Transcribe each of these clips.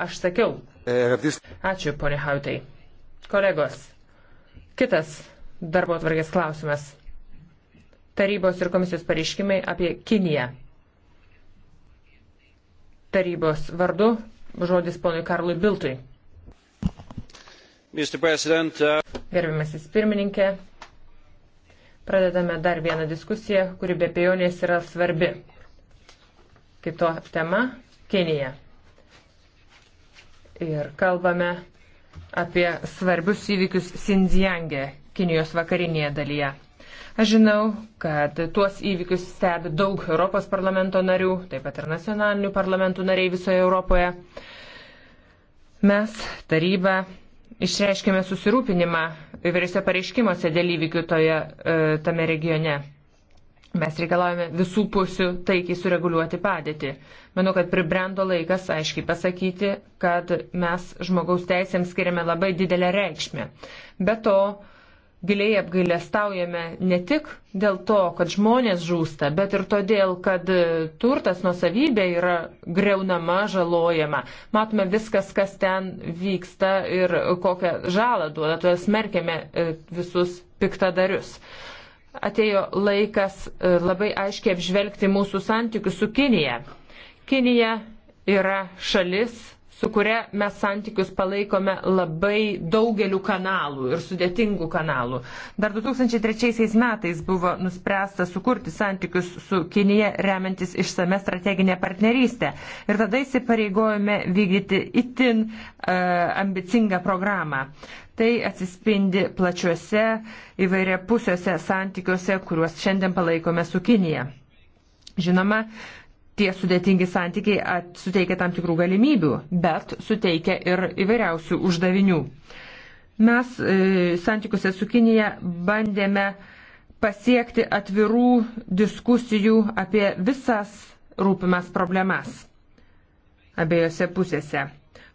Aš sakiau. E, Ačiū, ponė Hautai. Kolegos, kitas darbo atvarkės klausimas. Tarybos ir komisijos pareiškimai apie Kiniją. Tarybos vardu žodis ponui Karlui Biltui. Uh, Gerbiamasis pirmininkė, pradedame dar vieną diskusiją, kuri be pejonės yra svarbi. Kito tema - Kenija ir kalbame apie svarbius įvykius Sindziange, Kinijos vakarinėje dalyje. Aš žinau, kad tuos įvykius stebi daug Europos parlamento narių, taip pat ir nacionalinių parlamentų nariai visoje Europoje. Mes, taryba, išreiškėme susirūpinimą įvairiose pareiškimuose dėl įvykių toje, e, tame regione. Mes reikalavome visų pusių taikiai sureguliuoti padėtį. Manau, kad pribrendo laikas aiškiai pasakyti, kad mes žmogaus teisėms skiriame labai didelę reikšmę. Be to, giliai apgailestaujame ne tik dėl to, kad žmonės žūsta, bet ir todėl, kad turtas nusavybė yra greunama, žalojama. Matome viskas, kas ten vyksta ir kokią žalą duoda, todėl smerkėme e, visus piktadarius atėjo laikas e, labai aiškiai apžvelgti mūsų santykius su Kinija. Kinija yra šalis, su kuria mes santykius palaikome labai daugeliu kanalų ir sudėtingų kanalų. Dar 2003 metais buvo nuspręsta sukurti santykius su Kinija remiantis išsame strateginė partnerystė. Ir tada įsipareigojome vykdyti itin uh, ambicingą programą. Tai atsispindi plačiuose įvairiapusiuose santykiuose, kuriuos šiandien palaikome su Kinija. Žinoma, tie sudėtingi santykiai at, suteikia tam tikrų galimybių, bet suteikia ir įvairiausių uždavinių. Mes e, santykiuose su Kinija bandėme pasiekti atvirų diskusijų apie visas rūpimas problemas abiejose pusėse.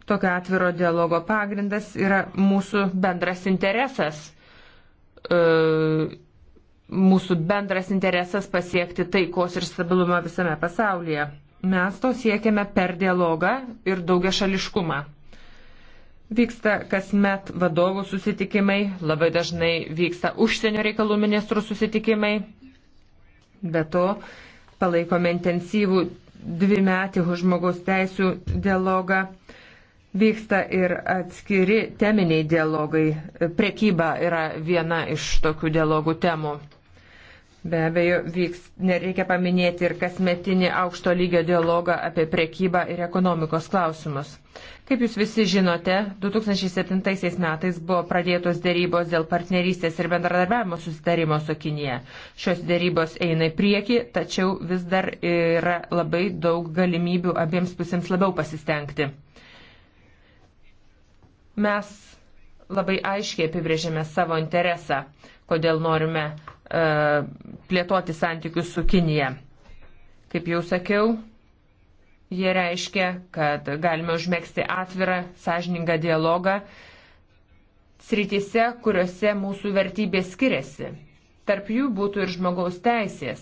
Tokio atviro dialogo pagrindas yra mūsų bendras interesas. E, mūsų bendras interesas pasiekti taikos ir stabilumą visame pasaulyje. Mes to siekiame per dialogą ir daugia šališkumą. Vyksta kasmet vadovų susitikimai, labai dažnai vyksta užsienio reikalų ministrų susitikimai. Be to, palaikome intensyvų dvimetį žmogaus teisų dialogą. Uh, Vyksta ir atskiri teminiai dialogai. Prekyba yra viena iš tokių dialogų temų. Be abejo, vyks, nereikia paminėti ir kasmetinį aukšto lygio dialogą apie prekybą ir ekonomikos klausimus. Kaip jūs visi žinote, 2007 metais buvo pradėtos dėrybos dėl partnerystės ir bendradarbiavimo susitarimo su Kinija. Šios dėrybos eina į priekį, tačiau vis dar yra labai daug galimybių abiems pusėms labiau pasistengti. Mes labai aiškiai apibrėžėme savo interesą, kodėl norime e, plėtoti santykius su Kinija. Kaip jau sakiau, jie reiškia, kad galime užmėgsti atvirą, sąžiningą dialogą srityse, kuriuose mūsų vertybės skiriasi. Tarp jų būtų ir žmogaus teisės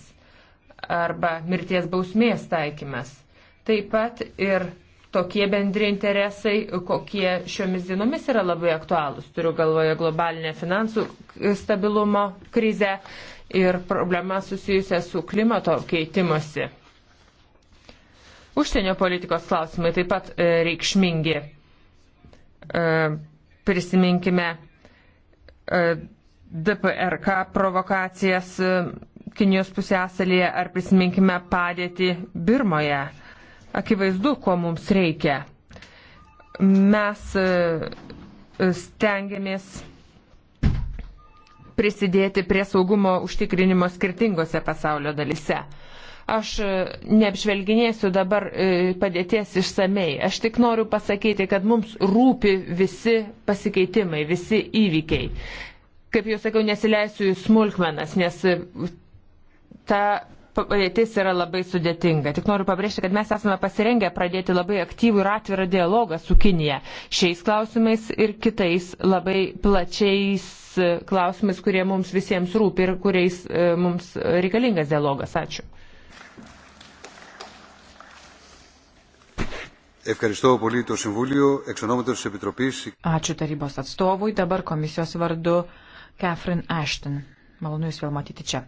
arba mirties bausmės taikymas. Taip pat ir tokie bendri interesai, kokie šiomis dienomis yra labai aktualūs. Turiu galvoje globalinę finansų stabilumo krizę ir problemą susijusią su klimato keitimosi. Užsienio politikos klausimai taip pat e, reikšmingi. E, prisiminkime e, DPRK provokacijas e, Kinijos pusėsalyje ar prisiminkime padėtį Birmoje. E, akivaizdu, ko mums reikia. Mes e, stengiamės prisidėti prie saugumo užtikrinimo skirtingose pasaulio dalise. Aš e, neapžvelginėsiu dabar e, padėties išsamei. Aš tik noriu pasakyti, kad mums rūpi visi pasikeitimai, visi įvykiai. Kaip jau sakiau, nesileisiu į smulkmenas, nes ta padėtis yra labai sudėtinga. Tik noriu pabrėžti, kad mes esame pasirengę pradėti labai aktyvų ir atvirą dialogą su Kinija šiais klausimais ir kitais labai plačiais e, klausimais, kurie mums visiems rūpi ir kuriais e, mums reikalingas dialogas. Ačiū. Ačiū tarybos atstovui, dabar komisijos vardu Catherine Ashton. Malonu Jūs vėl matyti čia.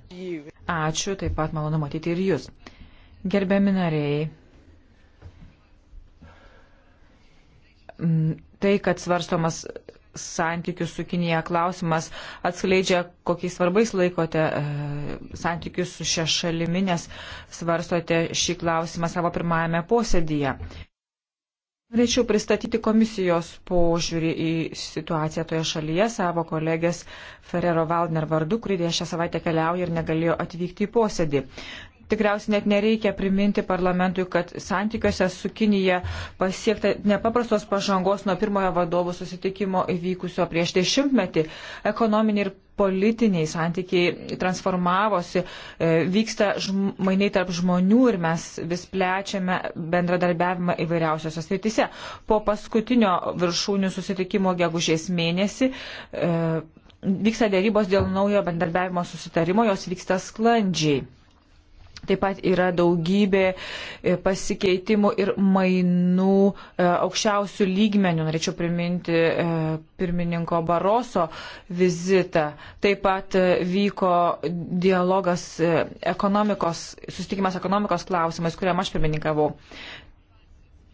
Ačiū, taip pat malonu matyti ir Jūs. Gerbiami nariai, tai, kad svarstomas santykių su Kinija klausimas atskleidžia, kokiais svarbais laikote e, santykius su šia šalimi, nes svarstote šį klausimą savo pirmajame posėdyje. Norėčiau pristatyti komisijos požiūrį į situaciją toje šalyje savo kolegės Ferrero Valdner vardu, kuri dėja šią savaitę keliauja ir negalėjo atvykti į posėdį. Tikriausiai net nereikia priminti parlamentui, kad santykiuose su Kinija pasiekta nepaprastos pažangos nuo pirmojo vadovų susitikimo įvykusio prieš dešimtmetį. Ekonominiai ir politiniai santykiai transformavosi, e, vyksta mainai tarp žmonių ir mes vis plečiame bendradarbiavimą įvairiausiose srityse. Po paskutinio viršūnių susitikimo gegužės mėnesį e, vyksta dėrybos dėl naujo bendradarbiavimo susitarimo, jos vyksta sklandžiai. Taip pat yra daugybė e, pasikeitimų ir mainų e, aukščiausių lygmenių. Norėčiau priminti e, pirmininko Baroso vizitą. Taip pat vyko dialogas ekonomikos, susitikimas ekonomikos klausimais, kuriam aš pirmininkavau.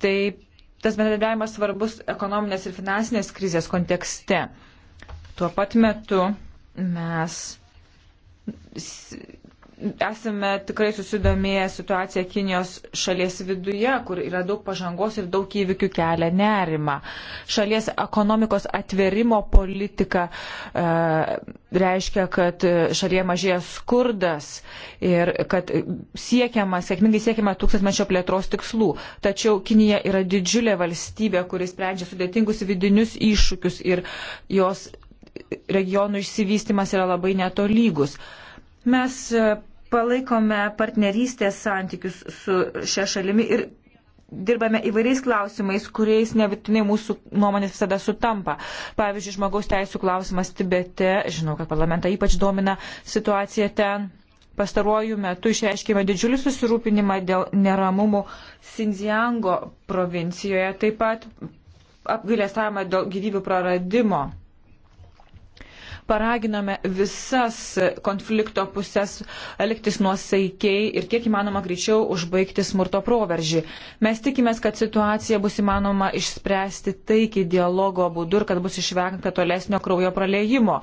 Taip, tas bendradarbiavimas svarbus ekonominės ir finansinės krizės kontekste. Tuo pat metu mes esame tikrai susidomėję situaciją Kinijos šalies viduje, kur yra daug pažangos ir daug įvykių kelia nerima. Šalies ekonomikos atverimo politika e, reiškia, kad šalyje mažėja skurdas ir kad siekiama, sėkmingai siekiama tūkstantmečio plėtros tikslų. Tačiau Kinija yra didžiulė valstybė, kuris sprendžia sudėtingus vidinius iššūkius ir jos regionų išsivystimas yra labai netolygus. Mes Palaikome partnerystės santykius su šia šalimi ir dirbame įvairiais klausimais, kuriais nebūtinai mūsų nuomonės visada sutampa. Pavyzdžiui, žmogaus teisų klausimas Tibete, žinau, kad parlamentą ypač domina situacija ten. Pastaruoju metu išreiškėme didžiulį susirūpinimą dėl neramumų Sinziango provincijoje, taip pat apgailestavimą dėl gyvybių praradimo paraginome visas konflikto pusės elgtis nuosaikiai ir kiek įmanoma greičiau užbaigti smurto proveržį. Mes tikimės, kad situacija bus įmanoma išspręsti taikiai dialogo būdu ir kad bus išvengta tolesnio kraujo praleimo.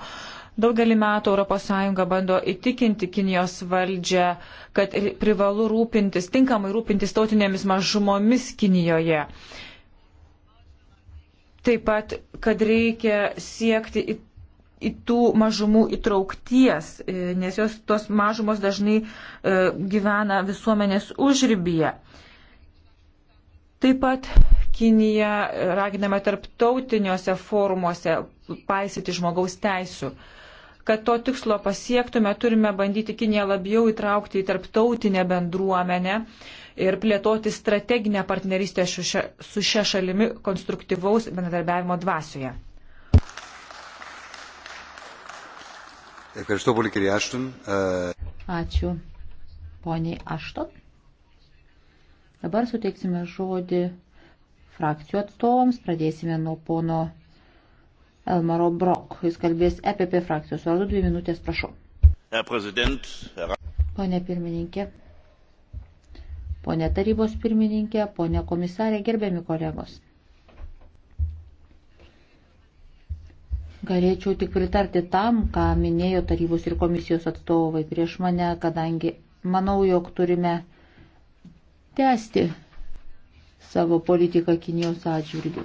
Daugelį metų ES bando įtikinti Kinijos valdžią, kad privalu rūpintis, tinkamai rūpintis tautinėmis mažumomis Kinijoje. Taip pat, kad reikia siekti į tų mažumų įtraukties, e, nes jos tos mažumos dažnai e, gyvena visuomenės užrybyje. Taip pat Kinija raginama tarptautiniuose forumuose paisyti žmogaus teisų. Kad to tikslo pasiektume, turime bandyti Kiniją labiau įtraukti į tarptautinę bendruomenę ir plėtoti strateginę partnerystę su šia šalimi konstruktyvaus bendradarbiavimo dvasioje. Ačiū, poniai Ašton. Dabar suteiksime žodį frakcijų atstovams. Pradėsime nuo pono Elmaro Brok. Jis kalbės EPP frakcijos vardu. Dvi minutės, prašau. Pone pirmininkė, pone tarybos pirmininkė, pone komisarė, gerbiami kolegos. Galėčiau tik pritarti tam, ką minėjo tarybos ir komisijos atstovai prieš mane, kadangi manau, jog turime tęsti savo politiką Kinijos atžvilgių.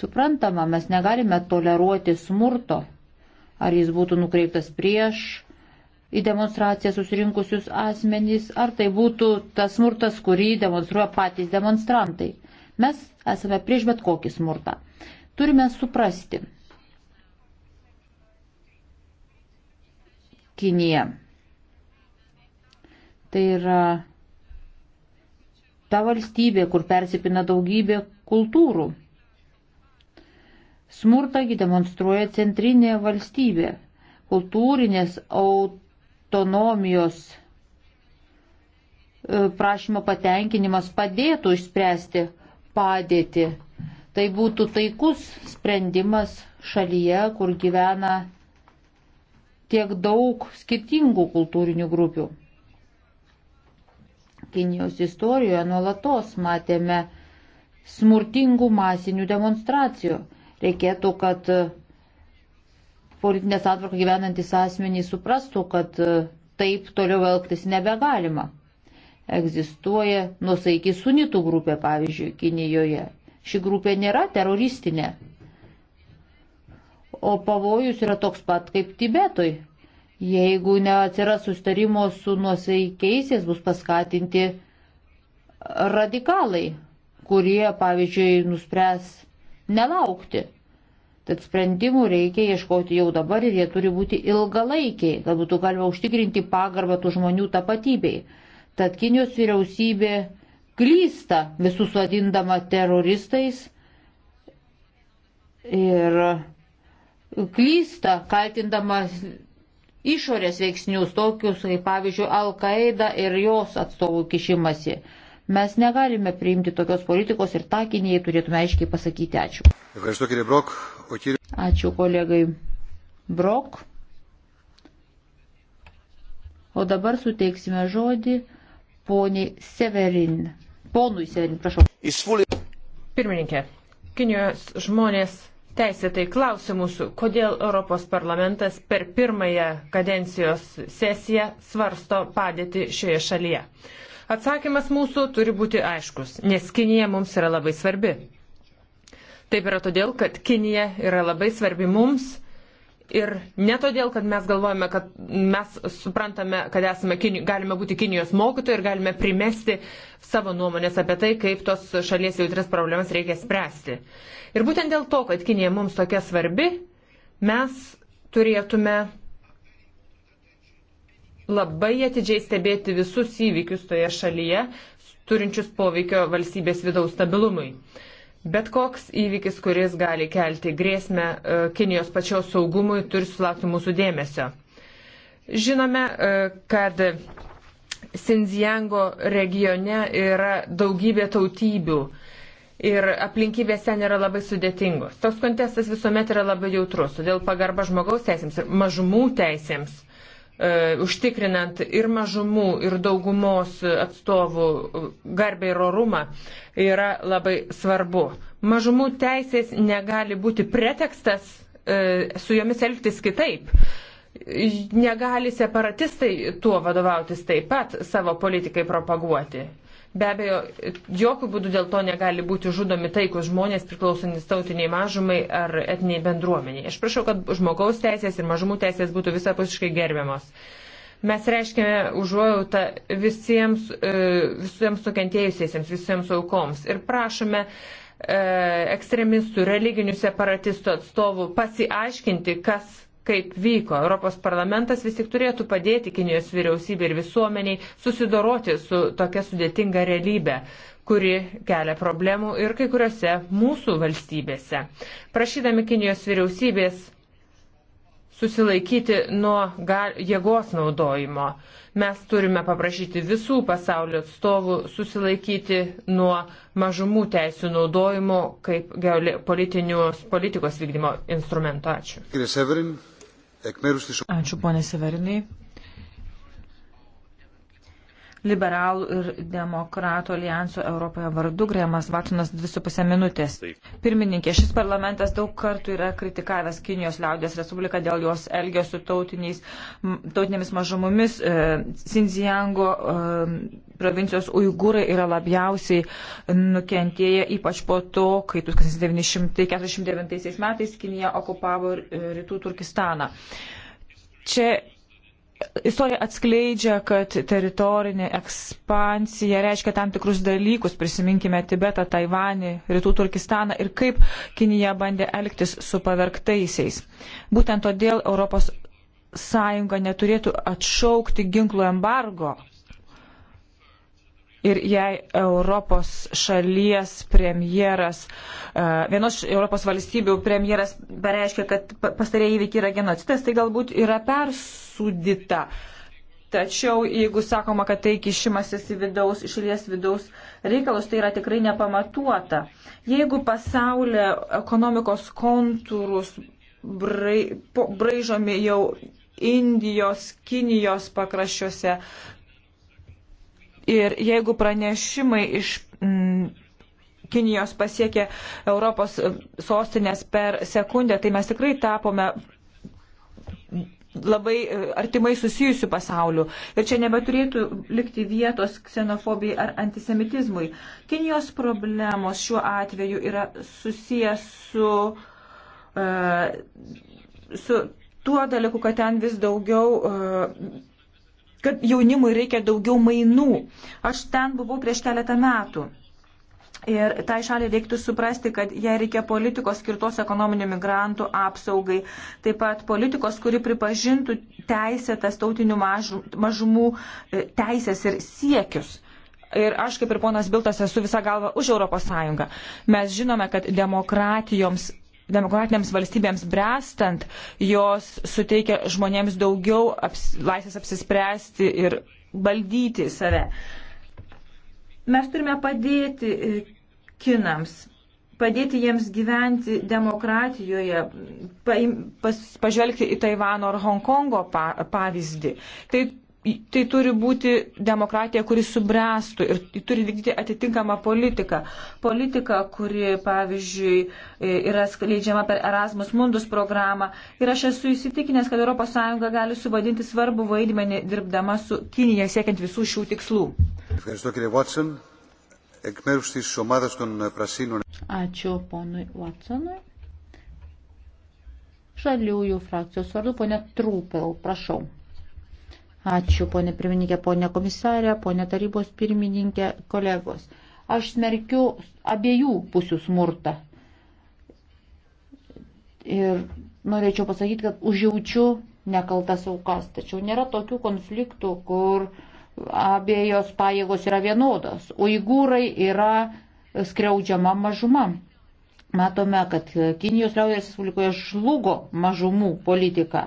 Suprantama, mes negalime toleruoti smurto, ar jis būtų nukreiptas prieš į demonstraciją susirinkusius asmenys, ar tai būtų tas smurtas, kurį demonstruoja patys demonstrantai. Mes esame prieš bet kokį smurtą. Turime suprasti. Kinija. Tai yra ta valstybė, kur persipina daugybė kultūrų. Smurtagi demonstruoja centrinė valstybė. Kultūrinės autonomijos e, prašymo patenkinimas padėtų išspręsti padėtį. Tai būtų taikus sprendimas šalyje, kur gyvena tiek daug skirtingų kultūrinių grupių. Kinijos istorijoje nuolatos matėme smurtingų masinių demonstracijų. Reikėtų, kad politinės atvarką gyvenantis asmenys suprastų, kad taip toliau elgtis nebegalima. Egzistuoja nusaiki sunitų grupė, pavyzdžiui, Kinijoje. Ši grupė nėra teroristinė. O pavojus yra toks pat kaip Tibetoj. Jeigu neatsiras sustarimo su nuosaikiaisiais, bus paskatinti radikalai, kurie, pavyzdžiui, nuspręs nelaukti. Tad sprendimų reikia ieškoti jau dabar ir jie turi būti ilgalaikiai, kad būtų galima užtikrinti pagarbą tų žmonių tapatybei. Tad Kinijos vyriausybė klysta visus vadindama teroristais ir klysta kaltindama išorės veiksnius, tokius kaip pavyzdžiui Al-Qaeda ir jos atstovų kišimasi. Mes negalime priimti tokios politikos ir tą Kinijai turėtume aiškiai pasakyti ačiū. Ačiū kolegai Brok. O dabar suteiksime žodį poniai Severin. Ponui Severin, prašau. Pirmininkė, Kinijos žmonės teisėtai klausia mūsų, kodėl Europos parlamentas per pirmąją kadencijos sesiją svarsto padėti šioje šalyje. Atsakymas mūsų turi būti aiškus, nes Kinija mums yra labai svarbi. Taip yra todėl, kad Kinija yra labai svarbi mums ir ne todėl, kad mes galvojame, kad mes suprantame, kad esame, galime būti Kinijos mokytojai ir galime primesti savo nuomonės apie tai, kaip tos šalies jautrias problemas reikia spręsti. Ir būtent dėl to, kad Kinija mums tokia svarbi, mes turėtume labai atidžiai stebėti visus įvykius toje šalyje, turinčius poveikio valstybės vidaus stabilumui. Bet koks įvykis, kuris gali kelti grėsmę e, Kinijos pačios saugumui, turi sulaukti mūsų dėmesio. Žinome, e, kad Sinziango regione yra daugybė tautybių ir aplinkybės ten yra labai sudėtingos. Toks kontestas visuomet yra labai jautrus, todėl pagarba žmogaus teisėms ir mažumų teisėms E, užtikrinant ir mažumų, ir daugumos atstovų garbę ir orumą, yra labai svarbu. Mažumų teisės negali būti pretekstas e, su jomis elgtis kitaip. Negali separatistai tuo vadovautis taip pat savo politikai propaguoti. Be abejo, jokių būdų dėl to negali būti žudomi taikus žmonės priklausantis tautiniai mažumai ar etniai bendruomeniai. Aš prašau, kad žmogaus teisės ir mažumų teisės būtų visapusiškai gerbiamos. Mes reiškėme užuojautą visiems, e, visiems nukentėjusiesiems, visiems aukoms ir prašome e, ekstremistų, religinių separatistų atstovų pasiaiškinti, kas kaip vyko. Europos parlamentas vis tik turėtų padėti Kinijos vyriausybė ir visuomeniai susidoroti su tokia sudėtinga realybė kuri kelia problemų ir kai kuriuose mūsų valstybėse. Prašydami Kinijos vyriausybės susilaikyti nuo jėgos naudojimo. Mes turime paprašyti visų pasaulio atstovų susilaikyti nuo mažumų teisų naudojimo kaip politikos vykdymo instrumento. Ačiū. Ačiū, ponė Severinai liberalų ir demokratų alijanso Europoje vardu, Grėmas Vatsonas 2,5 minutės. Pirmininkė, šis parlamentas daug kartų yra kritikavęs Kinijos liaudės Respubliką dėl jos elgio su tautinėmis mažumomis. Sinzijango e, e, provincijos uigūrai yra labiausiai nukentėję, ypač po to, kai 1949 metais Kinija okupavo rytų Turkistaną. Čia Istorija atskleidžia, kad teritorinė ekspansija reiškia tam tikrus dalykus. Prisiminkime Tibetą, Taivanį, Rytų Turkistaną ir kaip Kinija bandė elgtis su pavergtaisiais. Būtent todėl ES neturėtų atšaukti ginklų embargo Ir jei Europos šalies premjeras, e, vienos Europos valstybių premjeras pareiškia, kad pastarėjai įvykiai yra genocidas, tai galbūt yra persudita. Tačiau jeigu sakoma, kad tai kišimasis į vidaus, šalies vidaus reikalus, tai yra tikrai nepamatuota. Jeigu pasaulio ekonomikos kontūrus braižomi jau Indijos, Kinijos pakraščiuose, Ir jeigu pranešimai iš m, mm, Kinijos pasiekė Europos e, sostinės per sekundę, tai mes tikrai tapome labai e, artimai susijusių pasaulių. Ir čia nebeturėtų likti vietos ksenofobijai ar antisemitizmui. Kinijos problemos šiuo atveju yra susijęs su, uh, su tuo dalyku, kad ten vis daugiau uh, kad jaunimui reikia daugiau mainų. Aš ten buvau prieš keletą metų. Ir tai šaliai reiktų suprasti, kad jai reikia politikos skirtos ekonominių migrantų apsaugai, taip pat politikos, kuri pripažintų teisėtas tautinių mažumų e, teisės ir siekius. Ir aš, kaip ir ponas Biltas, esu visą galvą už Europos Sąjungą. Mes žinome, kad demokratijoms demokratinėms valstybėms brestant, jos suteikia žmonėms daugiau aps, laisvės apsispręsti ir valdyti save. Mes turime padėti e, kinams, padėti jiems gyventi demokratijoje, pa, pas, pažvelgti į Taivano ar Hongkongo pa, pavyzdį. Tai tai turi būti demokratija, kuri subręstų ir turi vykdyti atitinkamą politiką. Politika, kuri, pavyzdžiui, e, yra skleidžiama per Erasmus Mundus programą. Ir aš esu įsitikinęs, kad ES gali suvadinti svarbų vaidmenį dirbdama su Kinija siekiant visų šių tikslų. Ačiū ponui Watsonui. Žaliųjų frakcijos vardu, ponė Trūpel, prašau. Ačiū, ponė pirmininkė, ponė komisarė, ponė tarybos pirmininkė, kolegos. Aš smerkiu abiejų pusių smurtą. Ir norėčiau pasakyti, kad užjaučiu nekaltas aukas. Tačiau nėra tokių konfliktų, kur abiejos pajėgos yra vienodos. Uigūrai yra skriaudžiama mažuma. Matome, kad Kinijos liaudės Respublikoje žlugo mažumų politika.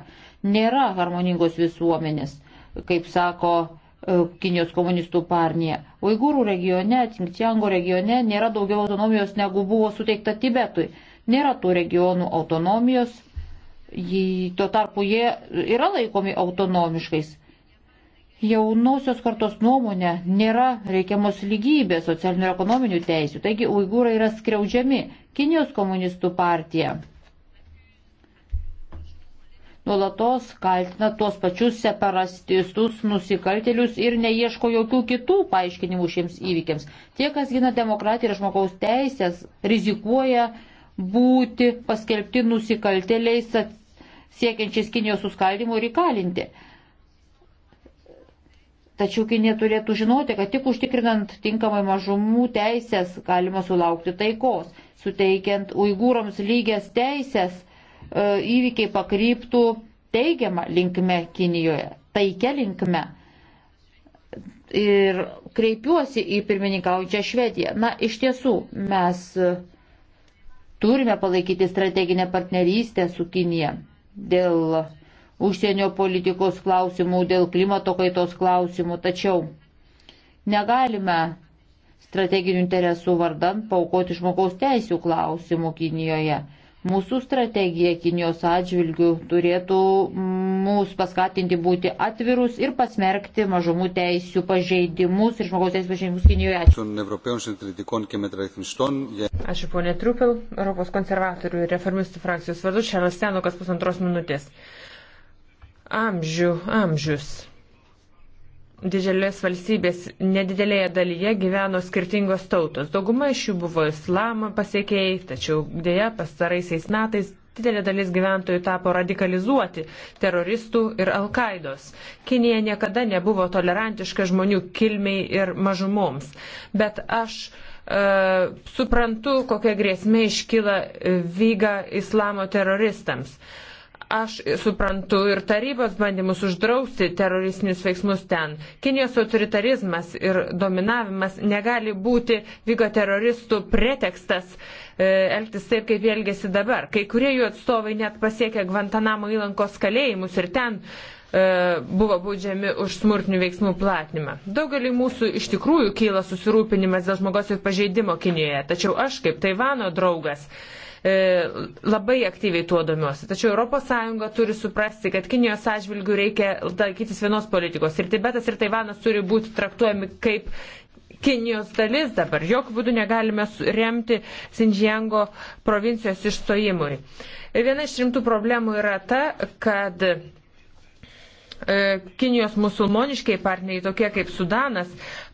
Nėra harmoningos visuomenės kaip sako e, Kinijos komunistų partija. Uigūrų regione, Tinktiango regione nėra daugiau autonomijos negu buvo suteikta Tibetui. Nėra tų regionų autonomijos, jį, tuo tarpu jie yra laikomi autonomiškais. Jaunosios kartos nuomonė nėra reikiamos lygybės socialinių ir ekonominių teisių, taigi uigūrai yra skriaudžiami. Kinijos komunistų partija nuolatos kaltina tuos pačius separatistus, nusikaltelius ir neieško jokių kitų paaiškinimų šiems įvykiams. Tie, kas gina demokratiją ir žmogaus teisės, rizikuoja būti paskelbti nusikalteliais siekiančiais Kinijos suskaldimo ir įkalinti. Tačiau Kinė turėtų žinoti, kad tik užtikrinant tinkamai mažumų teisės galima sulaukti taikos, suteikiant uigūrams lygias teisės E, įvykiai pakryptų teigiamą linkme Kinijoje, taikia linkme. Ir kreipiuosi į pirmininkaujančią Švediją. Na, iš tiesų, mes turime palaikyti strateginę partnerystę su Kinija dėl užsienio politikos klausimų, dėl klimato kaitos klausimų, tačiau negalime strateginių interesų vardan paukoti žmogaus teisų klausimų Kinijoje. Mūsų strategija Kinijos atžvilgių turėtų mūsų paskatinti būti atvirus ir pasmerkti mažumų teisų pažeidimus ir žmogaus teisų pažeidimus Kinijoje. Ačiū. Ačiū ponė Trupil, Europos konservatorių ir reformistų frakcijos vardu, Šarlas Senukas pusantros minutės. Amžių, amžius didžiulės valstybės nedidelėje dalyje gyveno skirtingos tautos. Dauguma iš jų buvo islamo pasiekėjai, tačiau dėja pastaraisiais metais didelė dalis gyventojų tapo radikalizuoti teroristų ir Alkaidos. Kinija niekada nebuvo tolerantiška žmonių kilmiai ir mažumoms. Bet aš e, suprantu, kokia grėsmė iškyla vyga islamo teroristams. E, aš suprantu ir tarybos bandymus uždrausti teroristinius veiksmus ten. Kinijos autoritarizmas ir dominavimas negali būti vyko teroristų pretekstas e, elgtis taip, kaip elgesi dabar. Kai kurie jų atstovai net pasiekė Gvantanamo įlankos kalėjimus ir ten e, buvo baudžiami už smurtinių veiksmų platinimą. Daugelį mūsų iš tikrųjų kyla susirūpinimas dėl žmogaus ir pažeidimo Kinijoje, tačiau aš kaip Taivano draugas uh, E, labai aktyviai tuo domiuosi. Tačiau ES turi suprasti, kad Kinijos atžvilgių reikia laikytis vienos politikos. Ir Tibetas ir Taivanas turi būti traktuojami kaip Kinijos dalis dabar. Jokių būdų negalime remti Sinžiango provincijos išstojimui. Viena iš rimtų problemų yra ta, kad E, Kinijos musulmoniškiai partneriai, tokie kaip Sudanas,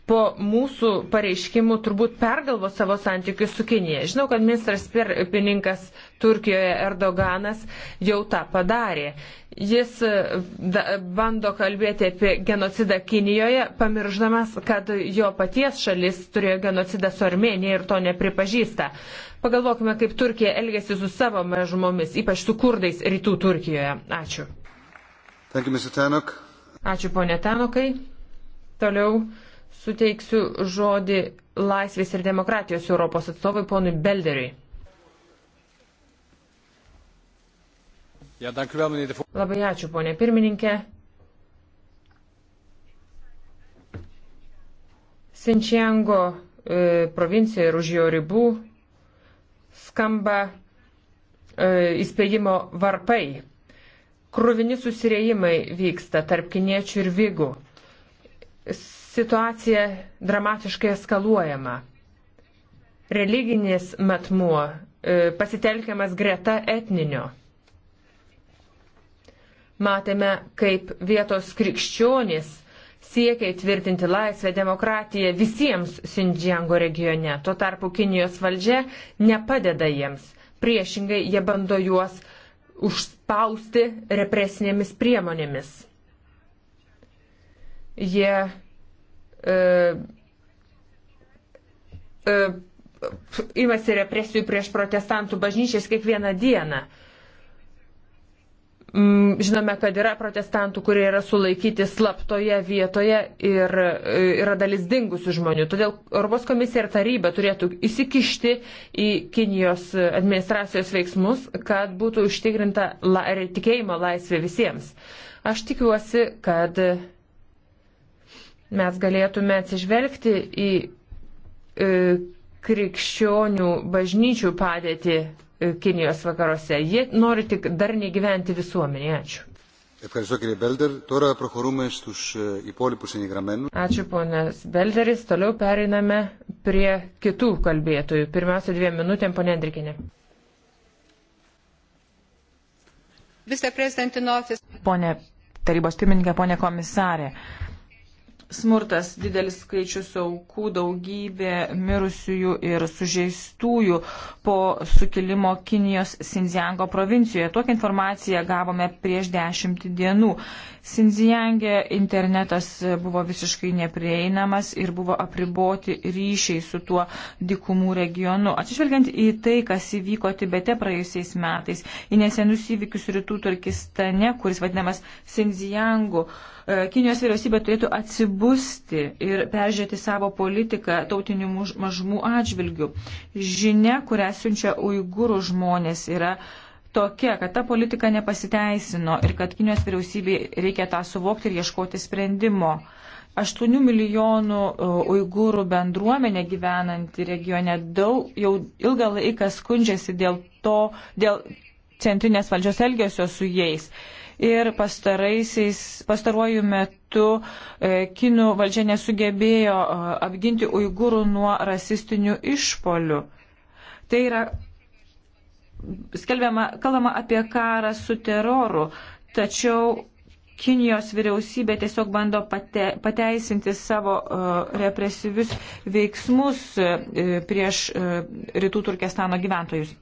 po mūsų pareiškimų turbūt pergalvo savo santykius su Kinija. Žinau, kad ministras pirmininkas Turkijoje Erdoganas jau tą padarė. Jis e, da, bando kalbėti apie genocidą Kinijoje, pamirždamas, kad jo paties šalis turėjo genocidą su Armenija ir to nepripažįsta. Pagalvokime, kaip Turkija elgėsi su savo mažumomis, ypač su kurdais rytų Turkijoje. Ačiū. Ačiū, ponė Tanokai. Toliau suteiksiu žodį Laisvės ir demokratijos Europos atstovui ponui Belderiui. Ja, Labai ačiū, ponė pirmininkė. Sinčiango e, provincija ir už jo ribų skamba e, įspėjimo varpai krūvini susirėjimai vyksta tarp kiniečių ir vygų. Situacija dramatiškai eskaluojama. Religinis matmuo e, pasitelkiamas greta etninio. Matėme, kaip vietos krikščionys siekia įtvirtinti laisvę demokratiją visiems Sinjiango regione. Tuo tarpu Kinijos valdžia nepadeda jiems. Priešingai, jie bando juos uh, užspausti represinėmis priemonėmis. Jie e, e, imasi represijų prieš protestantų bažnyčias kiekvieną dieną. E, Mm, žinome, kad yra protestantų, kurie yra sulaikyti slaptoje vietoje ir e, yra dalis dingusių žmonių. Todėl Europos komisija ir taryba turėtų įsikišti į Kinijos administracijos veiksmus, kad būtų užtikrinta la, tikėjimo laisvė visiems. Aš tikiuosi, kad mes galėtume atsižvelgti į e, krikščionių bažnyčių padėtį Kinijos vakaruose. Jie nori tik dar negyventi visuomenėje. Ačiū. Ačiū ponas Belderis. Toliau pereiname prie kitų kalbėtojų. Pirmiausia, dviem minutėm, ponė Andrikinė. Pone tarybos pirmininkė, ponė komisarė smurtas, didelis skaičius aukų, daugybė mirusiųjų ir sužeistųjų po sukilimo Kinijos Sinziango provincijoje. Tokią informaciją gavome prieš dešimt dienų. Sinziange internetas buvo visiškai neprieinamas ir buvo apriboti ryšiai su tuo dikumų regionu. Atsižvelgiant į tai, kas įvyko Tibete praėjusiais metais, į nesenus įvykius rytų Turkistane, kuris vadinamas Sinziangu, e, Kinijos vyriausybė turėtų atsibūti atsibusti ir peržiūrėti savo politiką tautinių mažumų atžvilgių. Žinia, kurią siunčia uigūrų žmonės, yra tokia, kad ta politika nepasiteisino ir kad Kinijos vyriausybei reikia tą suvokti ir ieškoti sprendimo. 8 milijonų e, uigūrų bendruomenė gyvenanti regione daug, jau ilgą laiką skundžiasi dėl to, dėl centrinės valdžios elgesio su jais. Uh, ir pastaruoju metu e, kinų valdžia nesugebėjo e, apginti uigūrų nuo rasistinių išpolių. Tai yra skelbiama, kalbama apie karą su teroru, tačiau Kinijos vyriausybė tiesiog bando pate, pateisinti savo uh, represyvius veiksmus uh, prieš uh, rytų Turkestano gyventojus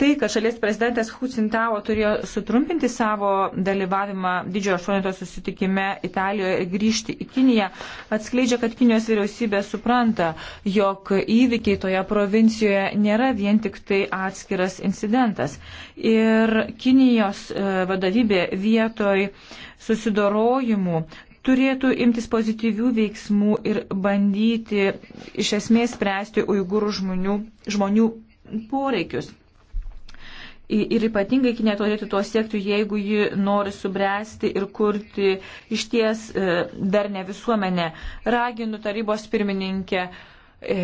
tai, kad šalies prezidentas Hucintavo turėjo sutrumpinti savo dalyvavimą didžiojo aštuonito susitikime Italijoje ir grįžti į Kiniją, atskleidžia, kad Kinijos vyriausybė supranta, jog įvykiai toje provincijoje nėra vien tik tai atskiras incidentas. Ir Kinijos e, vadovybė vietoj susidorojimų turėtų imtis pozityvių veiksmų ir bandyti iš esmės spręsti uigūrų žmonių, žmonių poreikius ir ypatingai Kinė turėtų to siekti, jeigu ji nori subręsti ir kurti išties e, dar ne visuomenę. Raginu tarybos pirmininkę e,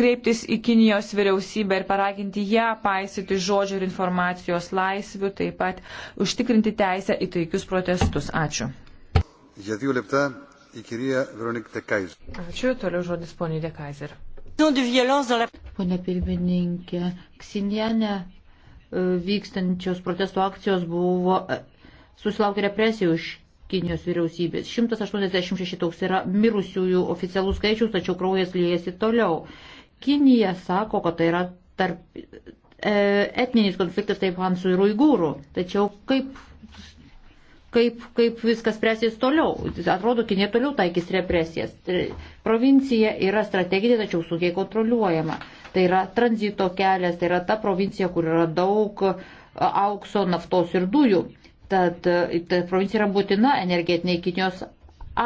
kreiptis į Kinijos vyriausybę ir paraginti ją paisyti žodžio ir informacijos laisvių, taip pat užtikrinti teisę į taikius protestus. Ačiū. Ačiū, toliau žodis poniai Dekaiser. Pone pirmininkė, Ksinjane vykstančios protesto akcijos buvo e, susilaukė represijų iš Kinijos vyriausybės. 186 toks yra mirusiųjų oficialų skaičius, tačiau kraujas liejasi toliau. Kinija sako, kad tai yra tarp e, etninis konfliktas taip Hansų ir Uigūrų. Tačiau kaip, kaip, kaip viskas presės toliau? Atrodo, Kinija toliau taikys represijas. Provincija yra strateginė, tačiau sunkiai kontroliuojama. Tai yra tranzito kelias, tai yra ta provincija, kur yra daug e, aukso, naftos ir dujų. Tad e, ta provincija yra būtina energetiniai Kinijos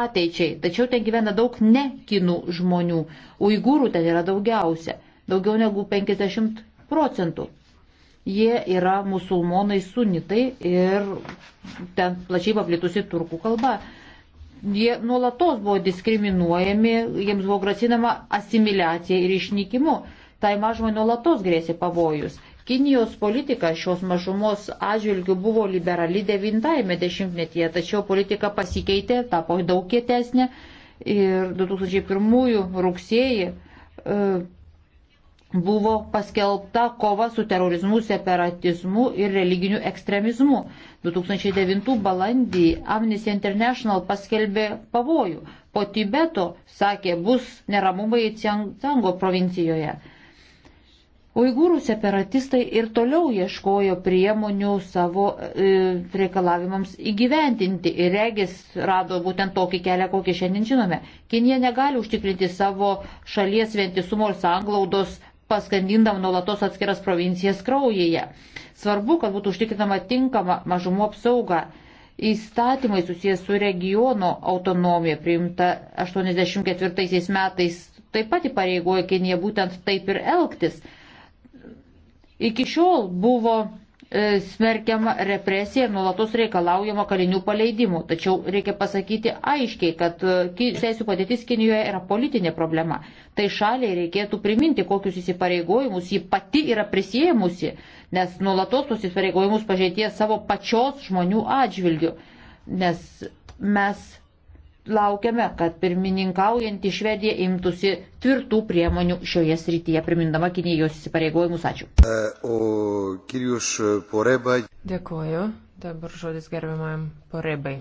ateičiai. Tačiau ten gyvena daug ne kinų žmonių. Uigūrų ten yra daugiausia. Daugiau negu 50 procentų. Jie yra musulmonai sunitai ir ten plačiai paplitusi turkų kalba jie nuolatos buvo diskriminuojami, jiems buvo grasinama asimiliacija ir išnykimu. Tai mažumai nuolatos grėsė pavojus. Kinijos politika šios mažumos atžvilgių buvo liberali 90-ame dešimtmetyje, tačiau politika pasikeitė, tapo daug kietesnė ir 2001 rugsėjį e, buvo paskelbta kova su terorizmu, separatizmu ir religiniu ekstremizmu. 2009 balandį Amnesty International paskelbė pavojų. Po Tibeto, sakė, bus neramumai Ciangango provincijoje. Uigūrų separatistai ir toliau ieškojo priemonių savo e, reikalavimams įgyventinti ir regis rado būtent tokį kelią, kokį šiandien žinome. Kinija negali užtikrinti savo šalies vientisumo ir sanglaudos, paskandindam nuolatos atskiras provincijas kraujyje. Svarbu, kad būtų užtikrinama tinkama mažumų apsauga. Įstatymai susijęs su regiono autonomija priimta 84 metais taip pat įpareigoja Kiniją būtent taip ir elgtis Iki šiol buvo e, smerkiama represija ir nulatos reikalaujama kalinių paleidimų. Tačiau reikia pasakyti aiškiai, kad e, teisų padėtis Kinijoje yra politinė problema. Tai šaliai reikėtų priminti, kokius įsipareigojimus ji pati yra prisėmusi, nes nulatos tos įsipareigojimus pažeidė savo pačios žmonių atžvilgių. Nes mes laukiame, kad pirmininkaujantį Švediją imtųsi tvirtų priemonių šioje srityje, primindama Kinijai jos įsipareigojimus. Ačiū. E, o Kirius Poreba. Dėkuoju. Dabar žodis gerbiamam Porebai.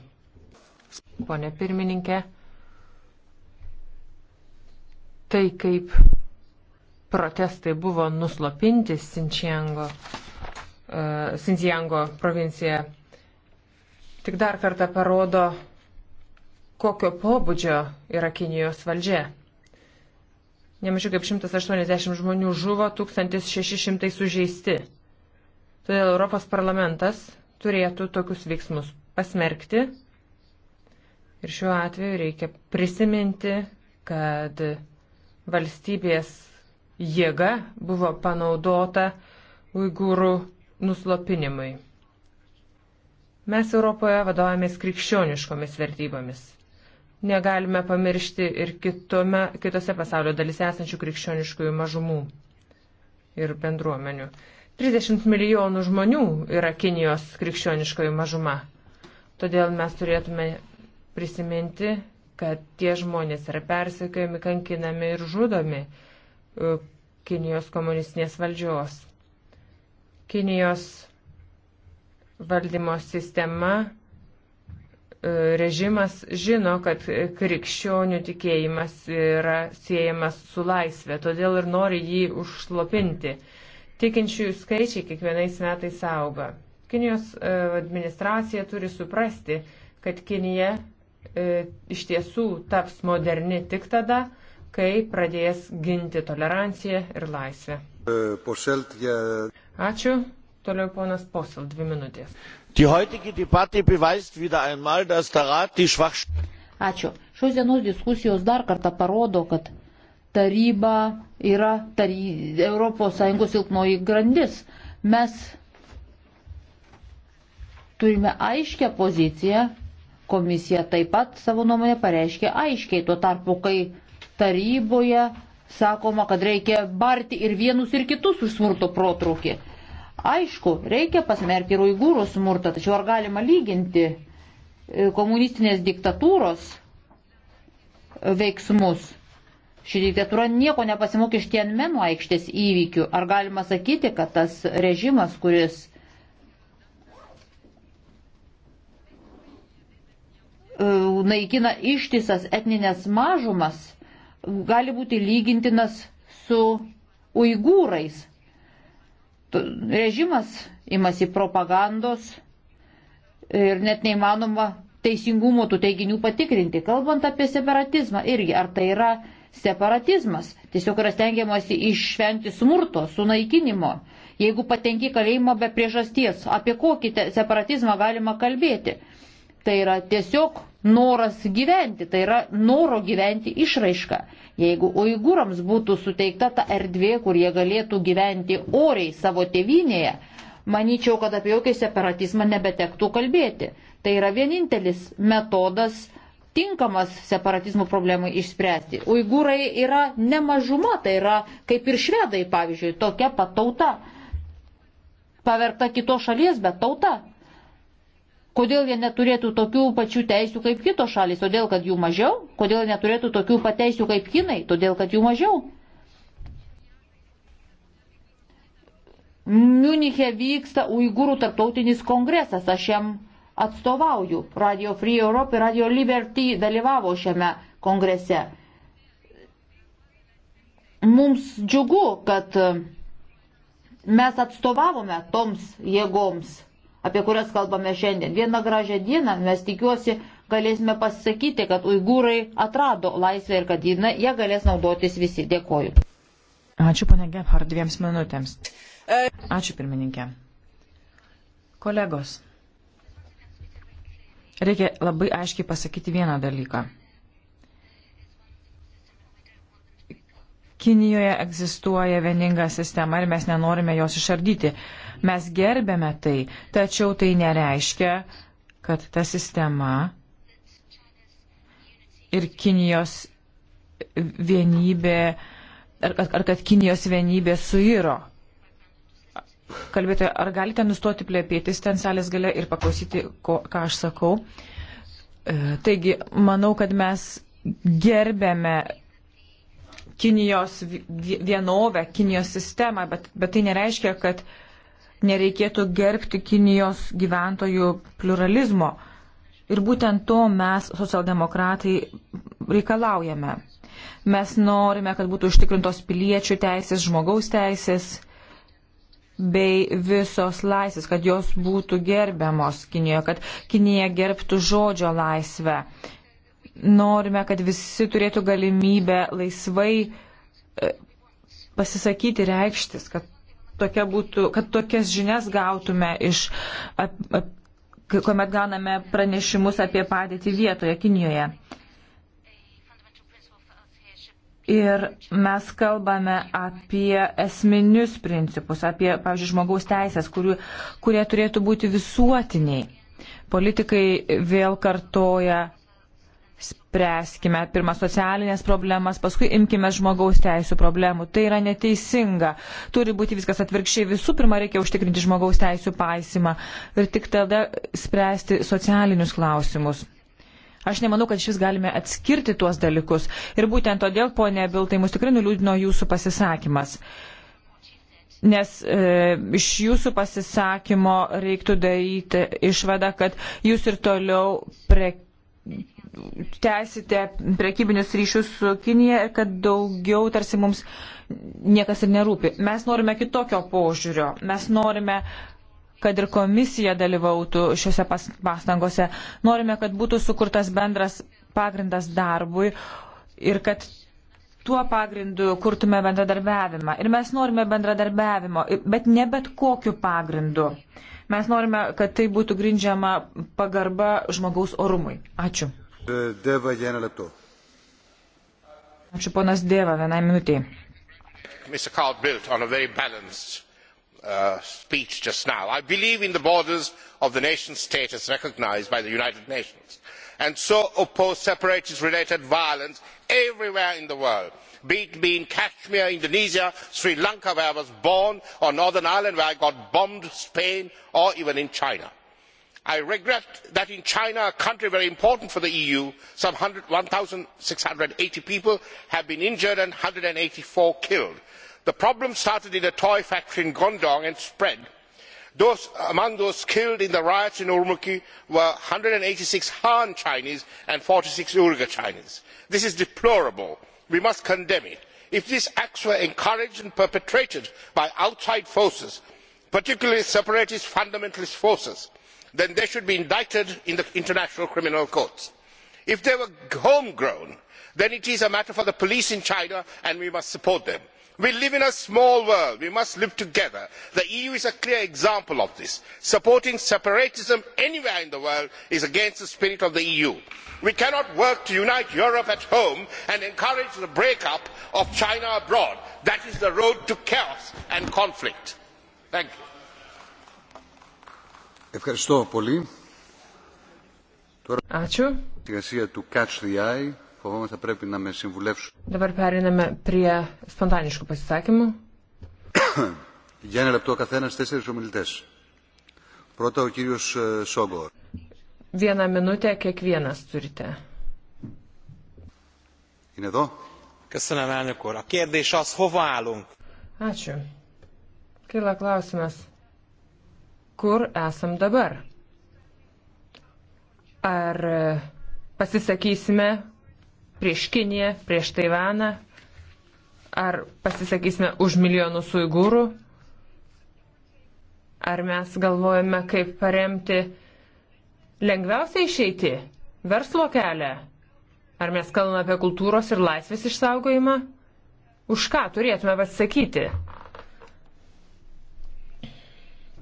Pone pirmininkė, tai kaip protestai buvo nuslopinti Sinčiango, uh, e, Sinčiango provincija, tik dar kartą parodo kokio pobūdžio yra Kinijos valdžia. Nemažiau kaip 180 žmonių žuvo, 1600 sužeisti. Todėl Europos parlamentas turėtų tokius veiksmus pasmerkti. Ir šiuo atveju reikia prisiminti, kad valstybės jėga buvo panaudota uigūrų nuslopinimui. Mes Europoje vadovavomės krikščioniškomis vertybomis. Negalime pamiršti ir kitome, kitose pasaulio dalise esančių krikščioniškųjų mažumų ir bendruomenių. 30 milijonų žmonių yra Kinijos krikščioniškoji mažuma. Todėl mes turėtume prisiminti, kad tie žmonės yra persekiojami, kankinami ir žudomi e, Kinijos komunistinės valdžios. Kinijos valdymo sistema režimas žino, kad krikščionių tikėjimas yra siejamas su laisvė, todėl ir nori jį užslopinti. Tikinčiųjų skaičiai kiekvienais metais auga. Kinijos e, administracija turi suprasti, kad Kinija e, iš tiesų taps moderni tik tada, kai pradės ginti toleranciją ir laisvę. E, Ačiū. Toliau ponas Posel, dvi minutės. Die heutige Debatte beweist wieder einmal, dass der Rat die Schwachstellen. Ačiū. Šios dienos diskusijos dar kartą parodo, kad taryba yra tary... ES silpnoji grandis. Mes turime aiškę poziciją, komisija taip pat savo nuomonę pareiškė aiškiai, tuo tarpu, kai taryboje sakoma, kad reikia barti ir vienus ir kitus už smurto protrūkį. Aišku, reikia pasmerkti ir uigūrų smurtą, tačiau ar galima lyginti e, komunistinės diktatūros e, veiksmus? Ši diktatūra nieko nepasimokė iš Tienmenų aikštės įvykių. Ar galima sakyti, kad tas režimas, kuris e, naikina ištisas etninės mažumas, gali būti lygintinas su uigūrais, režimas imasi propagandos ir net neįmanoma teisingumo tų teiginių patikrinti. Kalbant apie separatizmą irgi, ar tai yra separatizmas, tiesiog yra stengiamasi išvengti smurto, sunaikinimo. Jeigu patenki kalėjimą be priežasties, apie kokį separatizmą galima kalbėti? Tai yra tiesiog noras gyventi, tai yra noro gyventi išraiška. Jeigu uigūrams būtų suteikta ta erdvė, kur jie galėtų gyventi oriai savo tėvynėje, manyčiau, kad apie jokį separatizmą nebetektų kalbėti. Tai yra vienintelis metodas tinkamas separatizmo problemai išspręsti. Uigūrai yra nemažuma, tai yra kaip ir švedai, pavyzdžiui, tokia pat tauta. Paverta kitos šalies, bet tauta. Kodėl jie neturėtų tokių pačių teisių kaip kitos šalis? Todėl, kad jų mažiau? Kodėl jie neturėtų tokių pateisių kaip kinai? Todėl, kad jų mažiau? Miuniche vyksta Uigūrų tarptautinis kongresas, aš jam atstovauju. Radio Free Europe ir Radio Liberty dalyvavo šiame kongrese. Mums džiugu, kad mes atstovavome toms jėgoms apie kurias kalbame šiandien. Vieną gražią dieną mes tikiuosi galėsime pasakyti, kad uigūrai atrado laisvę ir kad jina, jie galės naudotis visi. Dėkoju. Ačiū, pane Gebhard, dviems minutėms. Ačiū, pirmininkė. Kolegos, reikia labai aiškiai pasakyti vieną dalyką. Kinijoje egzistuoja vieninga sistema ir mes nenorime jos išardyti. Mes gerbėme tai, tačiau tai nereiškia, kad ta sistema ir Kinijos vienybė, ar, ar kad Kinijos vienybė suiro. Kalbėtoje, ar galite nustoti plėpėtis ten salės gale ir paklausyti, ko, ką aš sakau? E, taigi, manau, kad mes gerbėme Kinijos vienovę, Kinijos sistemą, bet, bet tai nereiškia, kad uh, nereikėtų gerbti Kinijos gyventojų pluralizmo. Ir būtent to mes, socialdemokratai, reikalaujame. Mes norime, kad būtų užtikrintos piliečių teisės, žmogaus teisės bei visos laisvės, kad jos būtų gerbiamos Kinijoje, kad Kinija gerbtų žodžio laisvę. Norime, kad visi turėtų galimybę laisvai e, pasisakyti, reikštis, kad tokia būtų, kad tokias žinias gautume iš, ap, ap, kuomet gauname pranešimus apie padėtį vietoje Kinijoje. Ir mes kalbame apie esminius principus, apie, pavyzdžiui, žmogaus teisės, kurių, kurie turėtų būti visuotiniai. Politikai vėl kartoja Spręskime pirmą socialinės problemas, paskui imkime žmogaus teisų problemų. Tai yra neteisinga. Turi būti viskas atvirkščiai. Visų pirma, reikia užtikrinti žmogaus teisų paisimą ir tik tada spręsti socialinius klausimus. Aš nemanau, kad šis galime atskirti tuos dalykus. Ir būtent todėl, ponė Biltai, mus tikrai nuliūdino jūsų pasisakymas nes e, iš jūsų pasisakymo reiktų daryti išvadą, kad jūs ir toliau pre, tęsite prekybinius ryšius su Kinija, kad daugiau tarsi mums niekas ir nerūpi. Mes norime kitokio požiūrio. Mes norime, kad ir komisija dalyvautų šiuose pastangose. Norime, kad būtų sukurtas bendras pagrindas darbui ir kad tuo pagrindu kurtume bendradarbiavimą. Ir mes norime bendradarbiavimo, bet ne bet kokiu pagrindu. Mes norime, kad tai būtų grindžiama pagarba žmogaus orumui. Ačiū. Deva, vieną lepto. Ačiū ponas Deva, vienai minutiai. Mr. Carl built on a very balanced uh, speech just now. I believe in the borders of the nation state as recognized by the United Nations and so oppose separatist related violence everywhere in the world be it be in kashmir indonesia sri lanka where i was born or northern ireland where i got bombed spain or even in china i regret that in china a country very important for the eu some one six hundred and eighty people have been injured and one hundred and eighty four killed. the problem started in a toy factory in guangdong and spread. among those killed in the riots in urumqi were one hundred and eighty six han chinese and forty six uyghur chinese. this is deplorable. we must condemn it. if these acts were encouraged and perpetrated by outside forces particularly separatist fundamentalist forces then they should be indicted in the international criminal courts. if they were home grown then it is a matter for the police in china and we must support them. we live in a small world we must live together. the eu is a clear example of this. supporting separatism anywhere in the world is against the spirit of the eu. we cannot work to unite europe at home and encourage the break up of china abroad. that is the road to chaos and conflict. Ευχαριστώ πολύ. Τώρα... Ačiū. Εργασία του Catch the Eye. Φοβόμαι θα πρέπει να με συμβουλεύσουν. Dabar periname prie spontaniškų pasisakymų. Για ένα λεπτό καθένα τέσσερι ομιλητέ. Πρώτα ο κύριο Σόγκορ. Vieną minutę kiekvienas turite. Είναι εδώ. Köszönöm, elnök úr. A kérdés az, hova állunk? Ačiū. Kila klausimas kur esam dabar. Ar pasisakysime prieš Kiniją, prieš Taivaną, ar pasisakysime už milijonus uigūrų, ar mes galvojame, kaip paremti lengviausiai išeiti verslo kelią, ar mes kalbame apie kultūros ir laisvės išsaugojimą, už ką turėtume pasisakyti.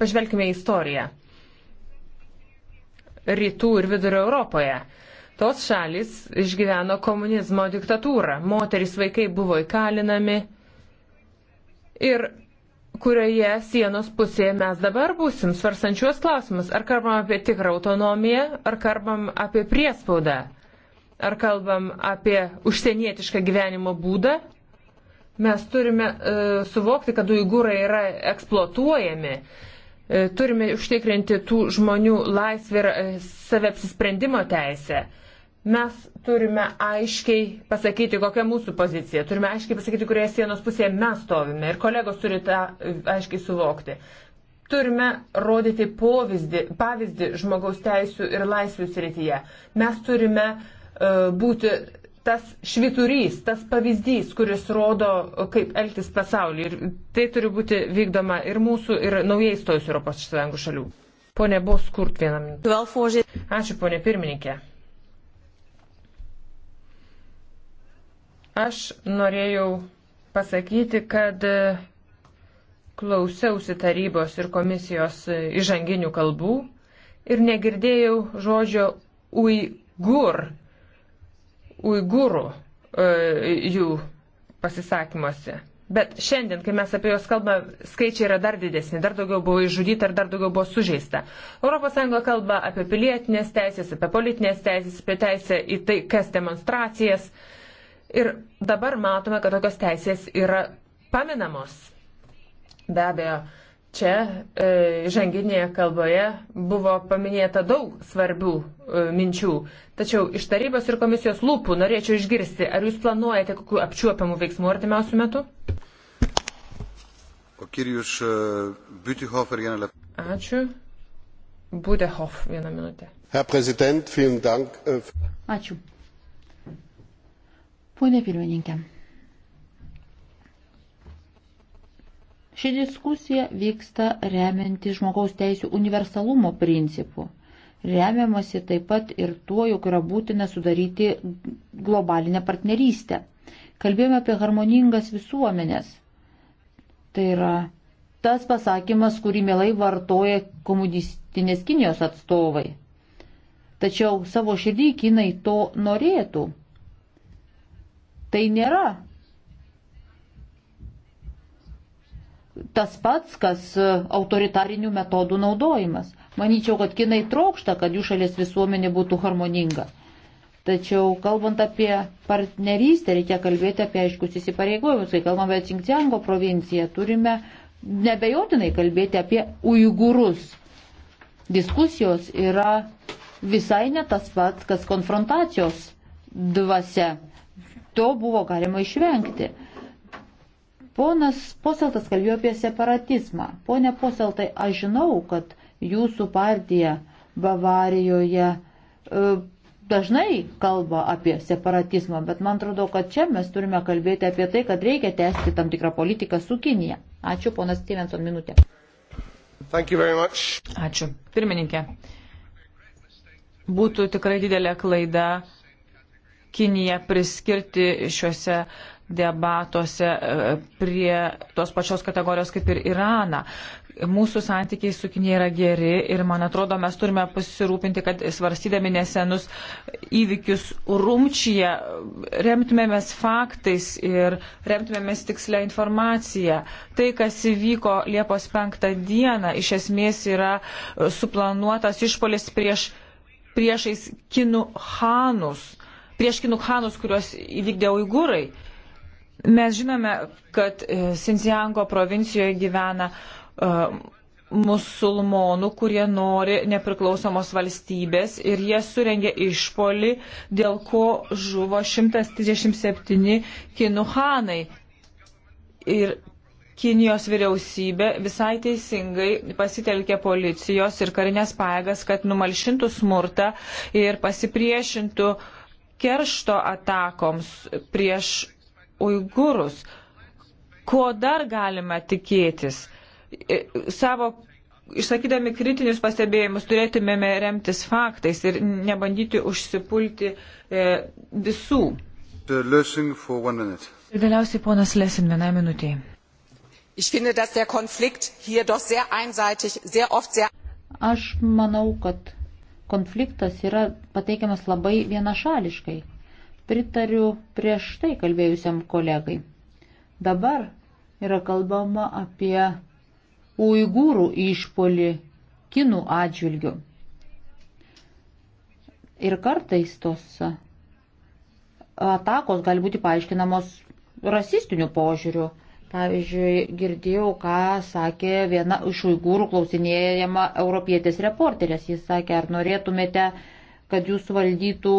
Pažvelkime į istoriją. Rytų ir vidurio Europoje. Tos šalis išgyveno komunizmo diktatūrą. Moterys vaikai buvo įkalinami. Ir kurioje sienos pusėje mes dabar būsim, svarstančios klausimus, ar kalbam apie tikrą autonomiją, ar kalbam apie priespaudą, ar kalbam apie užsienietišką gyvenimo būdą. Mes turime uh, suvokti, kad uigūrai yra eksploatuojami, uh, E, turime užtikrinti tų žmonių laisvę ir e, saviapsisprendimo teisę. Mes turime aiškiai pasakyti, kokia mūsų pozicija. Turime aiškiai pasakyti, kurioje sienos pusėje mes stovime. Ir kolegos turi tą e, aiškiai suvokti. Turime rodyti pavyzdį, pavyzdį žmogaus teisų ir laisvių srityje. Mes turime uh, būti tas šviturys, tas pavyzdys, kuris rodo, kaip elgtis pasaulyje. Ir tai turi būti vykdoma ir mūsų, ir naujai stojusių Europos Sąjungų šalių. Pone Boskurt vieną minutę. Ačiū, ponė pirmininkė. Aš norėjau pasakyti, kad klausiausi tarybos ir komisijos įžanginių kalbų ir negirdėjau žodžio uigur uigūrų e, jų pasisakymuose. Bet šiandien, kai mes apie juos kalbame, skaičiai yra dar didesni, dar daugiau buvo išžudyta ir dar daugiau buvo sužeista. ES kalba apie pilietinės teisės, apie politinės teisės, apie teisę į tai, kas demonstracijas. Ir dabar matome, kad tokios teisės yra paminamos. Be abejo, Čia e, žanginėje kalboje buvo paminėta daug svarbių e, minčių, tačiau iš tarybos ir komisijos lūpų norėčiau išgirsti, ar jūs planuojate kokiu apčiuopiamu veiksmu artimiausiu metu? E, Ačiū. Budehoff, vieną minutę. Herr Präsident, vielen Dank. Äh, Ačiū. Pone pirmininkė. Ši diskusija vyksta remianti žmogaus teisų universalumo principu. Remiamasi taip pat ir tuo, jog yra būtina sudaryti globalinę partnerystę. Kalbėjome apie harmoningas visuomenės. Tai yra tas pasakymas, kurį mielai vartoja komunistinės Kinijos atstovai. Tačiau savo širdį Kinai to norėtų. Tai nėra tas pats, kas e, autoritarinių metodų naudojimas. Manyčiau, kad kinai trokšta, kad jų šalies visuomenė būtų harmoninga. Tačiau, kalbant apie partnerystę, reikia kalbėti apie aiškus įsipareigojimus. Kai kalbame apie Cinkciango provinciją, turime nebejotinai kalbėti apie uigurus. Diskusijos yra visai ne tas pats, kas konfrontacijos dvasia. To buvo galima išvengti. Ponas Poseltas kalbėjo apie separatizmą. Pone Poseltai, aš žinau, kad jūsų partija Bavarijoje e, dažnai kalba apie separatizmą, bet man atrodo, kad čia mes turime kalbėti apie tai, kad reikia tęsti tam tikrą politiką su Kinija. Ačiū, ponas Stevenson, minutė. Ačiū. Pirmininkė, būtų tikrai didelė klaida Kiniją priskirti šiuose debatuose e, prie tos pačios kategorijos kaip ir Iraną. Mūsų santykiai su Kinėje yra geri ir, man atrodo, mes turime pasirūpinti, kad svarstydami nesenus įvykius rumčyje remtumėmės faktais ir remtumėmės tikslę informaciją. Tai, kas įvyko Liepos penktą dieną, iš esmės yra suplanuotas išpolis prieš priešais kinų hanus prieš kinukhanus, kuriuos įvykdė uigūrai. Mes žinome, kad Sinziango e, provincijoje gyvena uh, musulmonų, kurie nori nepriklausomos valstybės ir jie surengė išpolį, dėl ko žuvo 137 kinuhanai. Ir Kinijos vyriausybė visai teisingai pasitelkė policijos ir karinės paėgas, kad numalšintų smurtą ir pasipriešintų uh, keršto atakoms prieš uigurus. Ko dar galima tikėtis? E, savo išsakydami kritinius pastebėjimus turėtumėme remtis faktais ir nebandyti užsipulti e, visų. Ir galiausiai ponas Lesin vienai minutiai. Aš manau, kad konfliktas yra pateikiamas labai vienašališkai. Pritariu prieš tai kalbėjusiam kolegai. Dabar yra kalbama apie uigūrų išpolį kinų atžvilgių. Ir kartais tos atakos gali būti paaiškinamos rasistiniu požiūriu Pavyzdžiui, girdėjau, ką sakė viena iš uigūrų klausinėjama europietės reporterės. Jis sakė, ar norėtumėte, kad jūs valdytų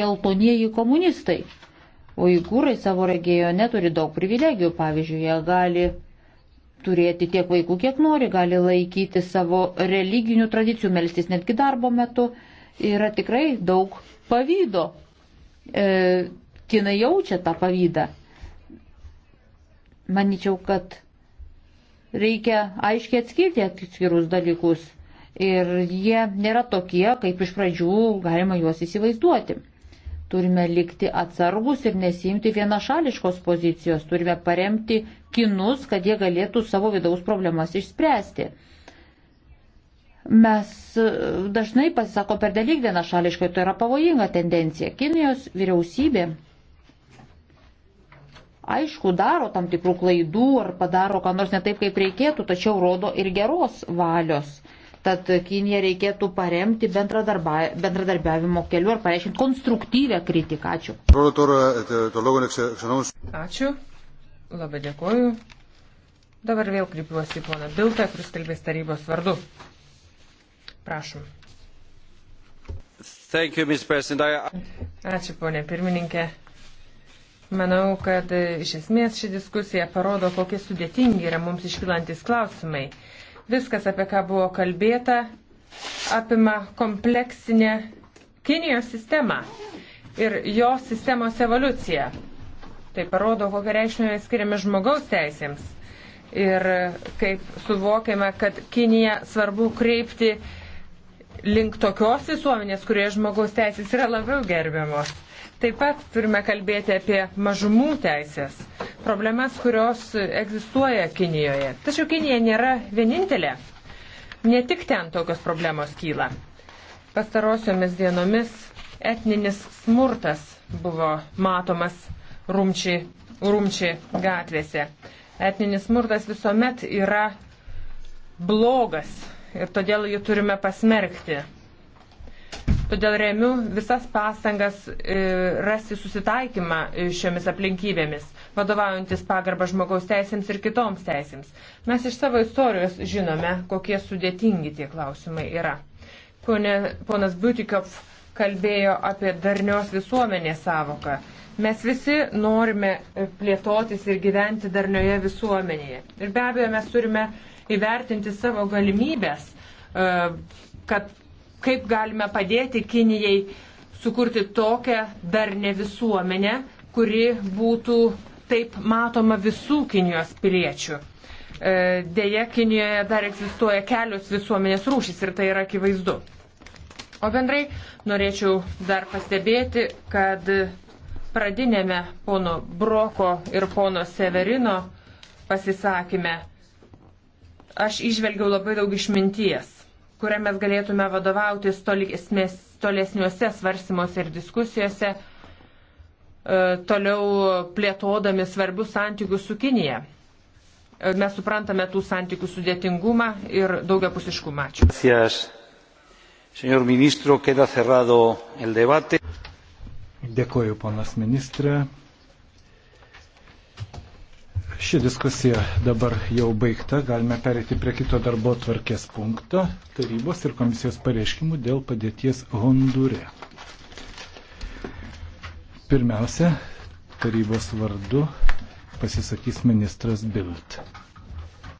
geltonieji komunistai. Uigūrai savo regione turi daug privilegijų. Pavyzdžiui, jie gali turėti tiek vaikų, kiek nori, gali laikyti savo religinių tradicijų, melstis netgi darbo metu. Yra tikrai daug pavydo. E, kinai jaučia tą pavydą. Maničiau, kad reikia aiškiai atskirti atskirus dalykus ir jie nėra tokie, kaip iš pradžių galima juos įsivaizduoti. Turime likti atsargus ir nesimti vienašališkos pozicijos, turime paremti kinus, kad jie galėtų savo vidaus problemas išspręsti. Mes e, dažnai pasisako per dalyk vienašališkai, tai yra pavojinga tendencija. Kinijos vyriausybė aišku, daro tam tikrų klaidų ar padaro ką nors ne taip, kaip reikėtų, tačiau rodo ir geros valios. Tad Kiniją reikėtų paremti bendradarbiavimo keliu ar pareiškinti konstruktyvę kritiką. Ačiū. Ačiū. Labai dėkoju. Dabar vėl kreipiuosi į poną Biltą, kuris kalbės tarybos vardu. Prašom. Thank you, Ačiū, ponė pirmininkė. Manau, kad iš esmės ši diskusija parodo, kokie sudėtingi yra mums iškilantis klausimai. Viskas, apie ką buvo kalbėta, apima kompleksinę Kinijos sistemą ir jos sistemos evoliuciją. Tai parodo, kokią reikšmę mes skiriame žmogaus teisėms. Ir kaip suvokiame, kad Kinija svarbu kreipti link tokios visuomenės, kurioje žmogaus teisės yra labiau gerbiamos. Taip pat turime kalbėti apie mažumų teisės, problemas, kurios egzistuoja Kinijoje. Tačiau Kinija nėra vienintelė. Ne tik ten tokios problemos kyla. Pastarosiomis dienomis etninis smurtas buvo matomas rumčiai, rumčiai gatvėse. Etninis smurtas visuomet yra blogas ir todėl jį turime pasmerkti. Todėl remiu visas pastangas e, rasti susitaikymą e, šiomis aplinkybėmis, vadovaujantis pagarbą žmogaus teisėms ir kitoms teisėms. Mes iš savo istorijos žinome, kokie sudėtingi tie klausimai yra. Pone, ponas Butikov kalbėjo apie darnios visuomenės savoką. Mes visi norime e, plėtotis ir gyventi darnioje visuomenėje. Ir be abejo, mes turime įvertinti savo galimybės, kad kaip galime padėti Kinijai sukurti tokią darnę visuomenę, kuri būtų taip matoma visų Kinijos piliečių. E, Deja, Kinijoje dar egzistuoja kelios visuomenės rūšys ir tai yra akivaizdu. O bendrai norėčiau dar pastebėti, kad pradinėme pono Broko ir pono Severino pasisakymę aš išvelgiau labai daug išminties kurią mes galėtume vadovautis tolesniuose svarstymuose ir diskusijose, e, toliau plėtodami svarbius santykius su Kinija. E, mes suprantame tų santykių sudėtingumą ir daugiapusiškumą. Ačiū. Dėkuoju, ponas ministrė. Ši diskusija dabar jau baigta. Galime perėti prie kito darbo tvarkės punkto - tarybos ir komisijos pareiškimų dėl padėties Hondūre. Pirmiausia, tarybos vardu pasisakys ministras Bilt.